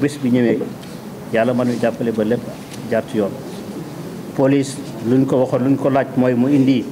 bés bi ñëwee yàlla mën ñu jàppale ba lépp jaar yoon police luñ ko waxoon luñ ko laaj mooy mu indi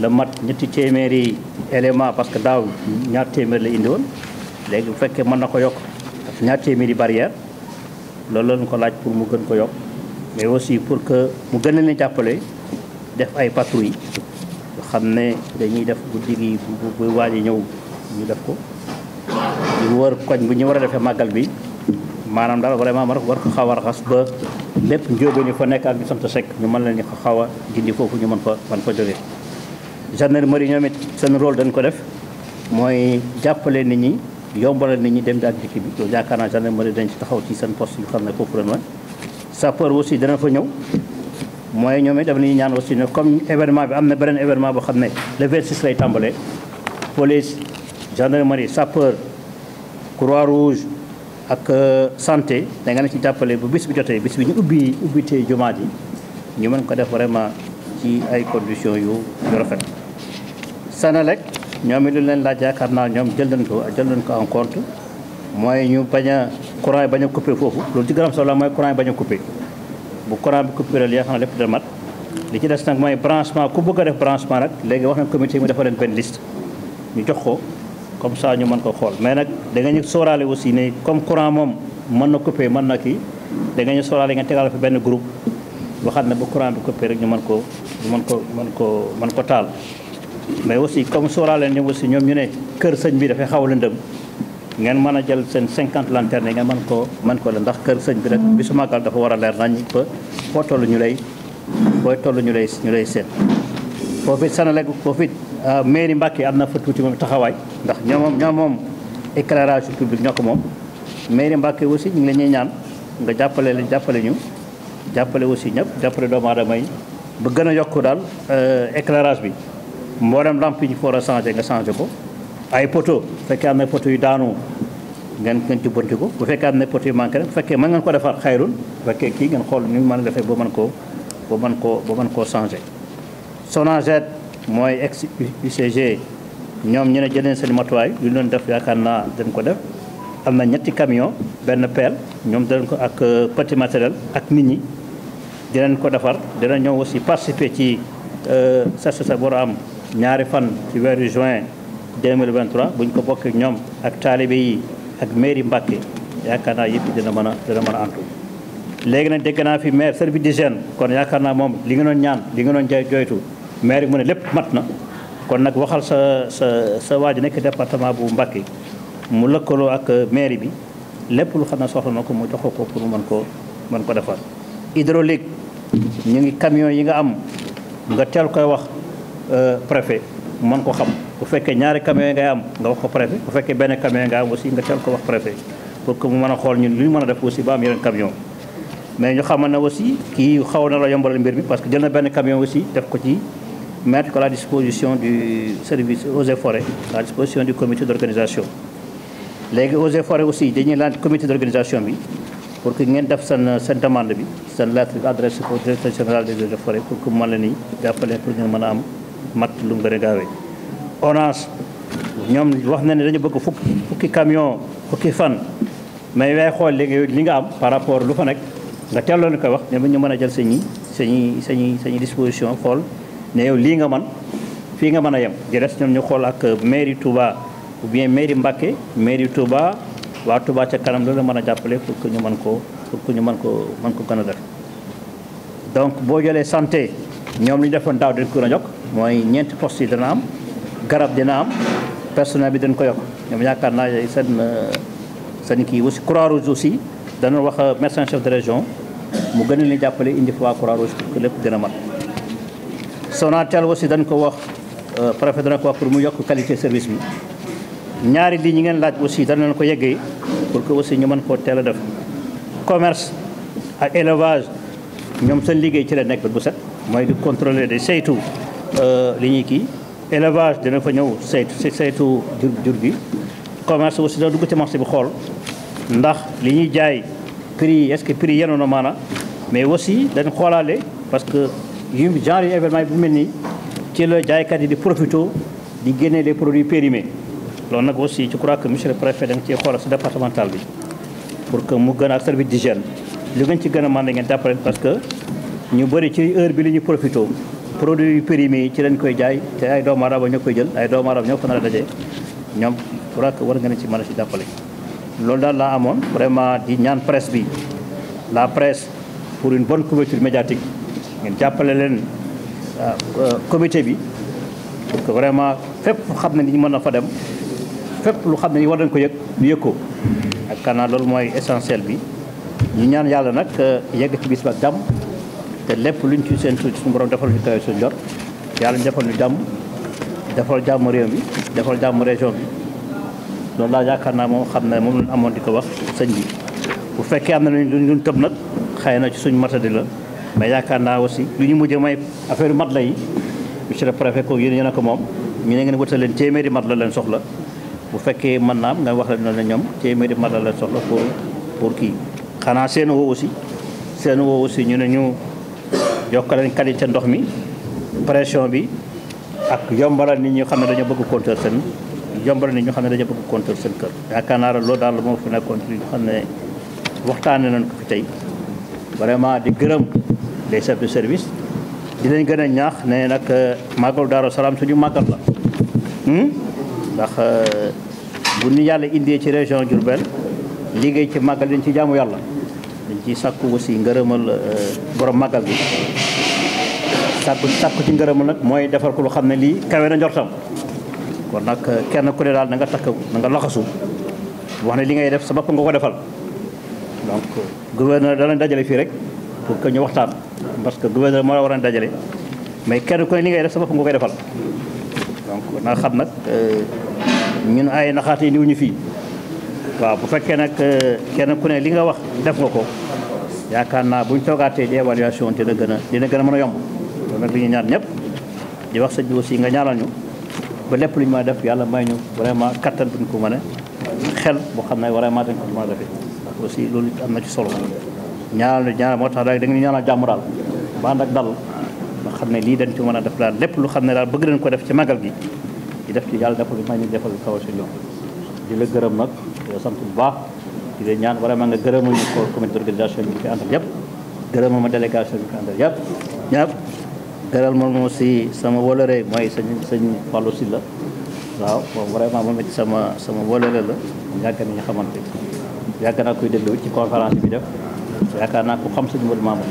la mat ñetti téeméeri élément parce que daaw ñaar téeméer la indi woon léegi bu fekkee mën na ko yokk ñaar téeméeri barrière loolu lañ ko laaj pour mu gën ko yokk mais aussi pour que mu gën leen jàppale def ay patrouille yoo xam ne dañuy def guddi gi bu bu waaj ñëw ñu def ko ñu wër koñ bu ñu war a defee màggal bi maanaam daal vraiment man war ko xaw a raxas ba lépp njóobeen yi fa nekk ak ñu sant Seck ñu mën leen ko xaw a dindi foofu ñu mën fa mën fa jógee. gendarmerie ñoom it seen rôle dañ ko def mooy jàppale nit ñi yombalal nit ñi dem ak dikki bi loolu yaakaar naa gendarmerie dañ ci taxaw ci seen poste yu xam ne foofu lañ wan sapeur aussi dana fa ñëw. mooy ñoom it daf ñaan aussi ne comme événement bi am na beneen événement boo xam ne le 26 lay tàmbalee police gendarmerie sapeur croix ak euh, santé da ngeen ci jàppale bu bis bi jotee bis bi ñu ubbi ubbi tee jumaa ji ñu mën ko def vraiment ci ay conditions yu yu rafet. Senelec ñoom it lu leen laaj yaakaar naa ñoom jël nañ ko jël nañ ko en compte mooy ñu bañ a courant yi bañ a coupé foofu loolu ci gërëm solo la mooy courant yi bañ a coupé bu courant bi coupé rek yaa xam ne lépp dina mat li ci des nag mooy branchement ku bëgg a def branchement nag léegi wax nañ comité mu dafa leen benn liste ñu jox ko. comme ça ñu mën ko xool mais nag da nga ñu sóoraale aussi ne comme courant moom man na coupé man na kii da nga ñu sóoraale nga tegal fa benn groupe waxaat ne ba courant bi coupé rek ñu mën ko ñu mën ko mën ko mën ko taal mais aussi comme sóoraale ñoom aussi ñoom ñu ne kër sëñ bi dafay xaw a lëndëm ngeen mën a jël seen 50 lanterne nga man koo man ko la ndax kër sëñ bi rek bi mm-hmm. bisu màggal dafa war a leer nañ ba foo toll ñu lay booy toll ñu lay ñu lay seet foofu Euh, mairie Mbacke am na fa tuuti moom taxawaay ndax ñoo moom ñoo moom éclairage public ñoo ko moom mairie Mbacke aussi ñu ngi la ñuy ñaan nga jàppale leen jàppale ñu jàppale aussi ñëpp jàppale doomu aadama yi ba gën a yokk daal euh, éclairage bi mboolem lamp yi ñu war changé nga changé ko ay poto bu fekkee am na poto yu daanu ngeen ngeen jubbanti ko bu fekkee am na poto yu manqué rek fekkee mën ngeen ko defar xayrul bu fekkee kii ngeen xool ni mu mën a defee ba mën koo ba man koo ba mën koo changé mooy ex UCG ñoom ñu ne jëleen seen matuwaay lu doon def yaakaar naa dañ ko def am na ñetti camion benn peel ñoom dinañ ko ak euh, petit matériel ak nit ñi dinañ ko defar dina ñëw aussi participer ci euh, SACCA bu am ñaari fan ci weeru juin 2023 buñ ko bokkee ñoom ak taalibe yi ak mairie Mbacke yaakaar naa yëpp dina mën a dina mën a antu léegi na dégg naa fi maire service d'hygiène kon yaakaar naa moom li nga doon ñaan li nga doon jay joytu maire bi mu ne lépp mat na kon nag waxal sa sa sa waa ji nekk département bu Mbacké mu lëkkaloo ak maire bi lépp lu xam ne soxla na ko mu jox ko pour mu mën ko mën ko defar. ñu ngi camion yi nga am nga teel koy wax euh, préfet mën ko xam bu fekkee ñaari camion ngay am nga wax ko préfet bu fekkee benn camion yi nga am aussi nga teel ko wax préfet pour que mu mën a xool ñun lu ñu mën a def aussi ba am yeneen camion mais ñu xamal ne aussi kii xaw na la yombalal mbir mi parce que jël na benn camion aussi def ko ci. mettre à la disposition du service eaux et forêts à la disposition du comité d'organisation léegi eaux et aussi dañuy laaj comité d'organisation bi pour que ngeen def seen seen demande bi seen lettre adresse au directeur général des eaux et forêts pour que mën leen ni jàppale pour ngeen mën a am matt lu mu gën a gaawee ONAS ñoom wax na ne dañu bëgg fukki fukki camion fukki fan mais yaay xool léegi li nga am par rapport lu fa nekk nga teeloon koy wax ne ñu mën a jël sañi sañi sañi sañi disposition xool ne yow lii nga man fii nga mën a yem di des ñoom ñu xool ak euh, mairie Touba ou bien mairie Mbacké mairie Touba waa Touba ca kanam loolu la mën a jàppale pour que ñu man ko pour que ñu mën ko mën ko gën a def donc boo jëlee santé ñoom li ñu defoon daaw dañ ko gën a mooy ñeenti postes yi dana am garab dina am personnel bi dañ ko yokk ñoom yaakaar naa seen euh, seen kii aussi croix rouge aussi dana wax euh, médecin chef de région mu gën a leen jàppale indi fois croix rouge pour que lépp Sonatel aussi dañ ko wax euh, préfet dana ko wax pour mu yokk qualité service bi ñaari li ñi ngeen laaj aussi dana leen ko yeggee pour que aussi ñu mën koo teel a def commerce ak élevage ñoom seen liggéey ci la nekk bu set mooy di contrôler di saytu euh, li ñuy kii élevage dana fa ñëw saytu saytu jur jur gi commerce aussi dana dugg ci marché bu xool ndax li ñuy jaay prix yi est-ce que prix yenoon na maana mais aussi dañ xoolaale parce que yu genre événement bu mel nii ci la jaaykat yi di profito di génne les produits périmés loolu nag aussi je crois que monsieur le préfet da nga ciy si départemental bi pour que mu gën a ak service d'hygiène nga ngeen ci gën a mën da ngeen jàppale parce que ñu bëri ci heure bi li ñu profito produits yu périmés yi ci lañ koy jaay te ay doomu aadama ñoo koy jël ay doomu aadama ñoo ko nar a daje ñoom je crois war nga leen ci man a si jàppale. lool daal laa amoon vraiment di ñaan presse bi la presse pour une bonne couverture ngeen jàppale leen euh, euh, comité bi pour que vraiment fépp xam ne ni mën na fa dem fépp lu xam ne ni war nañ ko yëg ñu yëg ko ak kanaa loolu mooy essentiel bi ñu ñaan yàlla nag euh, yegg ci bis ba jàmm te lépp luñ ci seen suuf suñu borom defal ñu kawe suñu jot yàlla ñu defal ñu jàmm defal jàmm réew bi defal jàmm région bi loolu laa yaakaar naa moom xam na moom lañ amoon di ko wax sëñ bi bu fekkee am na luñ luñ tëb nag xëy na ci suñ matadi la mais yaakaar naa aussi lu ñu mujj may affaire matelas yi monsieur le préfet ko yéen yéen a ko moom ñu ne ngeen wutal leen téeméeri matelas leen soxla bu fekkee man naam nga wax la noonu la ñoom téeméeri matelas leen soxla pour pour kii xanaa seen woo aussi seen woo aussi ñu ne ñu jokkal leen ndox mi pression bi ak yombalal ni ñu xam ne dañoo bëgg compteur seen yombalal nit ñi xam ne dañoo bëgg compteur seen kër yaakaar naa loolu daal moo fu nekkoon li nga xam ne waxtaane nañ tey vraiment di gërëm les chefs de service di leen gën a ñaax ne nag euh, màggalu Daaru Salaam suñu màggal la hmm? ndax euh, bu ñu yàlla indee ci région Diourbel liggéey ci màggal dañ ci jaamu yàlla dañ ci sàkku aussi ngërëmal euh, borom màggal bi sàkku sàkku ci ngërëmal nag mooy defar ko lu xam ne lii kawe na njortam kon nag kenn ku ne daal na nga takk na nga laxasu wax ne li ngay def sa bopp nga ko defal donc euh, gouverneur danañ dajale fii rek pour que ñu waxtaan parce que gouverneur moo war a dajale mais kenn ku ne li ngay def sa bopp nga koy defal donc na xam nag euh, ñun ay naxaate ni wuñu fii waaw bu fekkee nag euh, kenn ku ne li nga wax def nga ko yaakaar naa bu ñu toogaatee di évaluation dina gën a dina gën a mën a yomb loolu nag li ñu ñaan ñëpp di wax sa bi aussi nga ñaanal ñu ba lépp lu ñu mën def yàlla may ñu vraiment kattan buñ ko mën a xel boo xam naa vraiment dañ ko mën aussi loolu am na ci solo ñaanal ñaanal moo tax daal da ngeen ñaanal jàmm daal ba ànd ak dal nga xam ne lii dañ ci mën a def laa lépp lu xam ne daal bëgg nañ ko def ci magal gi di def ci yàlla defal may ñu defal kaw si ñoom di gërëm nag yow bu baax di la ñaan vraiment nga gërëmal ñu ko comité d'organisation bi fi àndal yëpp gërëmal ma délégation bi fi àndal yëpp ñëpp gëral ma moom si sama wolore mooy sëñ sëñ Fallou Sylla waaw moom vraiment moom it sama sama wolore la yàgg nañu xamante yàgg naa koy déglu ci conférence bi def yaakaar naa ko xam sëñ Modou Mamour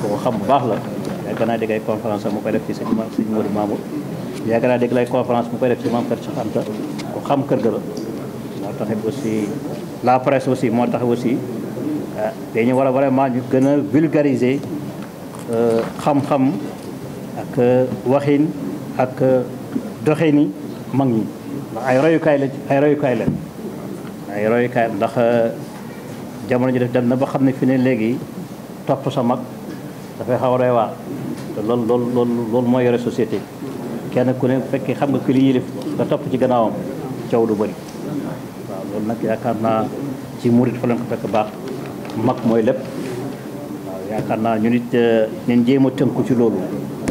ko ko xam bu baax la yàgg naa dégg ay conférence mu koy def ci sëñ sëñ Modou naa dégg ay conférence mu koy def ci maam kër Cheikh xam kër ga la moo tax aussi la presse aussi moo tax aussi ah, dañu war a vraiment ñu gën a vulgariser euh, xam-xam ak euh, waxin ak euh, doxini mag ñi ndax ay royukaay la ay royukaay la ay royukaay ndax euh, jamono ji def dem na ba xam ne fi ne léegi topp sa mag dafay xaw a te loolu loolu mooy yore société kenn ku ne fekk xam nga ki li yilif nga topp ci gannaawam coow du bëri waaw loolu nag yaakaar naa ci murit fa lañ ko fekk baax mag mooy lépp waaw yaakaar naa ñu nit ñun euh, jéem a tënku ci loolu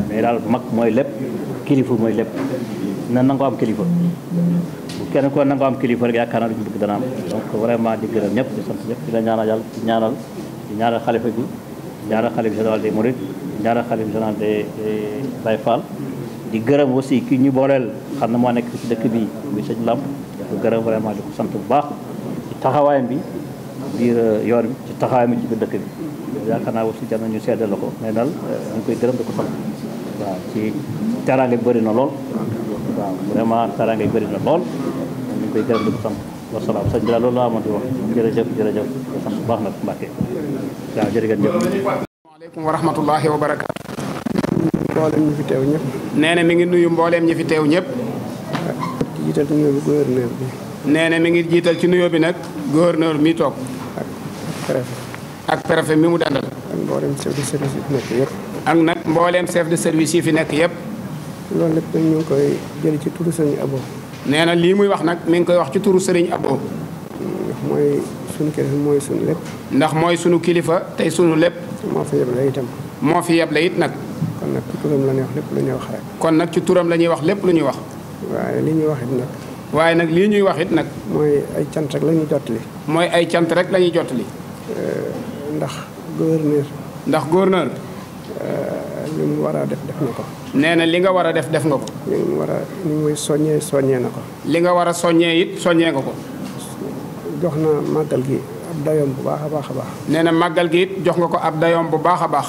mais daal mag mooy lépp kilifa mooy lépp na nangoo am kilifa kenn ko nangoo am kilifa rek yaakaar naa lu ñu bëgg dana am donc vraiment di gërëm ñëpp di sant ñëpp di la ñaanal yàlla di ñaanal di ñaanal xalifa bi di ñaanal xalifa général des Mourides di ñaanal xalifa général des Baye Fall di gërëm aussi kii ñu booleel xam ne moo nekk ci dëkk bi muy sëñ Lamp di gërëm vraiment sant bu baax taxawaayam bi biir euh, yoon bi ci taxawaayam bi ci dëkk bi yaakaar naa aussi jar ñu seddal la ko mais daal dañ euh, koy gërëm di ko sant waaw ci teraanga bëri na lool waaw vraiment teraanga bëri na lool dañ koy gërëm di ko sant wasalaam bu baax nag Mbàkke waaw jërëgën jëf asalaamaaleykum wa rahmatullahi wa barakaatu mbooleem ñi fi teew ñëpp nee na mi ngi nuyu mbooleem ñi fi teew ñëpp jiital nee na mi ngi jiital ci nuyoo bi nag gouverneur mi toog ak préfet mi mu dandal ak mbooleem chef de service yi fi nekk yëpp nag yëpp loolu lépp dañ ñu koy jël ci turu sëñ Abo nee na lii muy wax nag mi ngi koy wax ci turu sëriñ Abo. ndax mooy sunu kilifa mooy sunu lépp. ndax mooy sunu kilifa tey sunu lépp. moo fi yeble itam. moo fi yeble it nag. kon nag ci turam la wax lépp lu ñuy wax kon nag ci turam la ñuy wax lépp lu ñuy wax. waaye li ñuy wax nag. waaye nag lii ñuy wax it nag. mooy ay cant rek la ñuy jottali. mooy ay cant rek lañuy ñuy jottali. Eh, ndax gouverneur. ndax gouverneur. Eh, li mu war a def def na ko. nee na li nga war a def def nga ko. ñu mu war a li muy soññee soññee na ko. li nga war a soññee it soññee nga ko. jox na màggal gi ab dayoom bu baax a baax a baax. nee na màggal gi it jox nga ko ab dayoom bu baax a baax.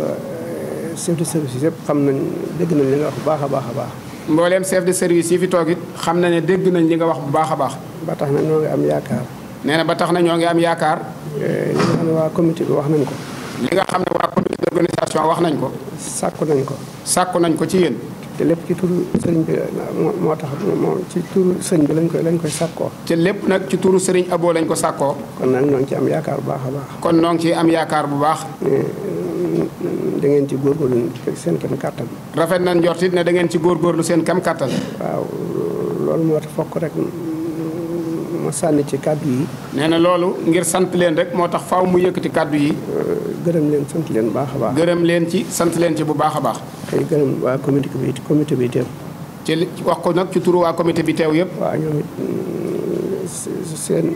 Eh, chef service yëpp xam nañ dégg nañ li bu baax a baax a baax. mbooleem chef de service yi fi toog xam na ne dégg nañ li nga wax bu baax a baax. ba tax na ñoo ngi am yaakaar. nee na ba tax na ñoo ngi am yaakaar. Eh, li nga ne waa comité bi wax nañ ko. li nga xam ne waa organisation wax nañ ko. sàkku nañ ko. sàkku nañ ko ci yéen. te lépp ci turu sëriñ bi moo tax moom ci turu bi lañ koy lañ koy sàkkoo. te lépp nag ci turu sëriñ Abo lañ ko sàkkoo. kon nag ñoo ngi ci am yaakaar bu baax a baax. kon ñoo ngi ci am yaakaar bu baax. da ngeen ci góor góorgóorlu seen kam kàttan. rafet na njortit ne da ngeen ci lu seen kam kàttan. waaw loolu moo tax fokk rek. mu sànni ci kàddu yi. nee na loolu ngir sant leen rek moo tax faw mu yëkkati kàddu yi. Euh, gërëm leen sant leen bu baax a baax. gërëm leen ci sant leen ci bu baax a baax. tey gërëm waa comité bi comité bi teew. ci wax ko nag ci turu waa comité bi teew yëpp. waaw ñoom it mm, seen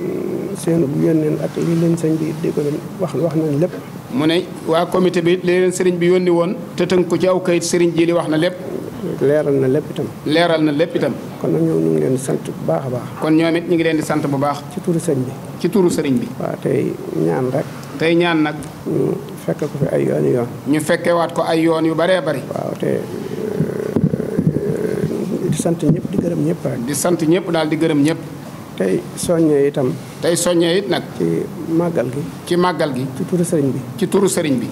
seen bu yónneen ak li leen sëñ bi di ko wax wax nañ lépp. mu ne waa comité bi li leen sëriñ bi yónni woon te tënk ko ci aw kayit sëriñ ji li wax na lépp. leeral na lépp itam. leeral na lépp itam. kon nag ñoom ñu ngi leen di sant bu baax a baax. kon ñoom it ñu ngi leen di sant bu baax. ci turu sëñ bi. ci turu sëriñ bi. waaw tey ñaan rek. tey ñaan nag. ñu fekke ko fi ay yoon yoon. ñu fekkewaat ko ay yoon yu baree bari. waaw te euh, sant ñëpp di gërëm ñëpp rek. di sant ñëpp daal di gërëm ñëpp. tey soññee itam. tey soññee it nag. ci màggal gi. ci màggal gi. ci turu sëriñ bi. ci turu sëriñ bi.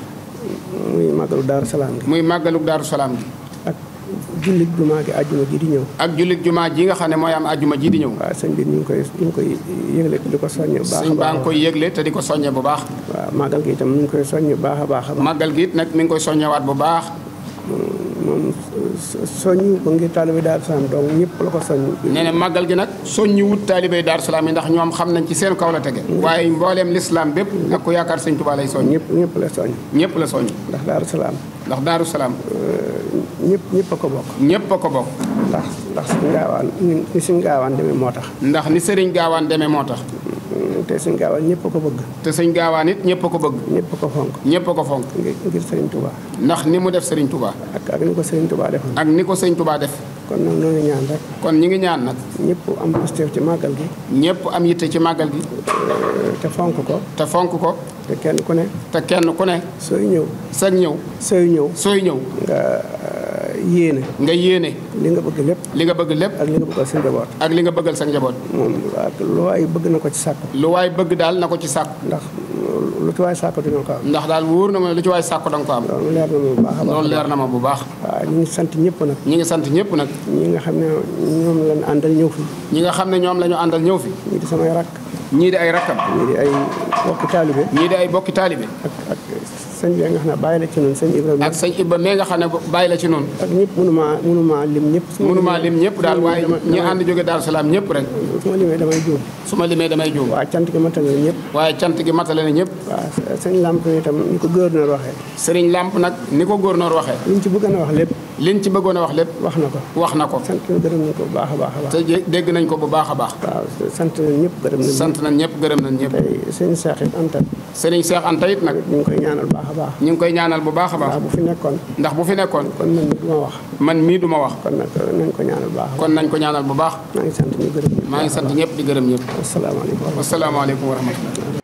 muy màggalu daaru salaam gi. muy màggalu daaru salaam gi. jullit jumaa gi àjjuma ji di ñëw. ak jullit jumaa ji nga xam ne mooy am àjjuma ji di ñëw. waaw sëñ bi ñu ngi koy ñu ngi koy yëgle di ko soññe bu baax a baax sëñ te di ko soññe bu baax. waaw màggal gi itam mu ngi koy soññe bu baax a baax. màggal gi nag mi ngi koy soññewaat bu baax. moom soññu ko ngir taalibé Daaru Salaam ñëpp la ko soññ nee na màggal gi nag soññi wut taalibé Daaru Salaam yi ndax ñoom xam nañ ci seen kaw la tege waaye mbooleem lislaam bépp nag ko yaakaar sëñ Tuubaa lay soññ ñëpp ñëpp la soññ ñëpp la soññ ndax Daaru Salaam ndax Daaru euh, ñëpp ñëpp ko bokk. ñëpp ko bokk. ndax ndax suñu gaawaan ni suñu gaawaan demee moo tax. ndax ni sëriñ gaawaan demee moo tax. te sëñ gaawaan ñëpp ko bëgg te sëñ gaawaan it ñëpp ko bëgg ñëpp ko fonk ñëpp ko fonk ngir sëriñ Touba ndax ni mu def sëriñ Touba ak ak ni ko sëriñ Touba def ak ni ko sëriñ Touba def kon nag ñoo ñaan rek kon ñi ngi ñaan nag ñëpp am positif ci màggal gi ñëpp am yitte ci màggal gi eh, te fonk ko te fonk ko te kenn ku ne te kenn ku ne sooy ñëw sag ñëw sooy ñëw sooy ñëw nga yéene. nga yéene. li nga bëgg lépp. li nga bëgg lépp. ak li nga bëggal sa njaboot. ak li nga bëggal sa njaboot. moom lu waay bëgg na ko ci sàkk. lu waay bëgg daal na ko ci sàkk. ndax lu ci waay sàkk dina ko am. ndax daal wóor na ma lu ci waay sàkk da ko am. loolu leer na ma bu baax a baax loolu leer na ma bu baax. waaw ñu ngi sant ñëpp nag. ñu ngi sant ñëpp nag. ñi nga xam ne ñoom lañu àndal ñëw fi. ñi nga xam ne ñoom lañu àndal ñëw fi. ñii di samay rakk. ñii di ay rakkam. ñii di bokki taalibe. ñii di ay bokki taalibe. ak ak sëñ bi nga xam ne bàyyi la ci noonu sëñ Ibrahima. ak sëñ Ibrahima mais nga xam ne bàyyi la ci noonu. ak ñëpp mënumaa mënumaa lim ñëpp. mënumaa lim ñëpp daal waaye ñi ànd na itam ni ko gouverneur waxee. sëriñ Lamp nag ni ko gouverneur waxee. liñ ci bëggoon a wax lépp. liñ ci bëggoon a wax lépp. wax na ko wax na ko. sant bu baax a baax a baax. dégg nañ ko bu baax baax. waaw sant nañ ñëpp sant nañ ñëpp gërëm nañ ñëpp. sëriñ Cheikh Anta. sëriñ Cheikh Anta it nag. ñu ngi koy ñaanal baax a ñu ngi koy ñaanal bu baax a baax bu fi nekkoon ndax bu fi nekkoon kon man mii du wax man mii du ma wax kon nag nañ ko ñaanal bu baax kon nañ ko ñaanal bu baax maa ngi sant ñu gërëm ñëpp maa ngi sant ñëpp di gërëm ñëpp asalaamaaleykum asalaamaaleykum wa rahmatulah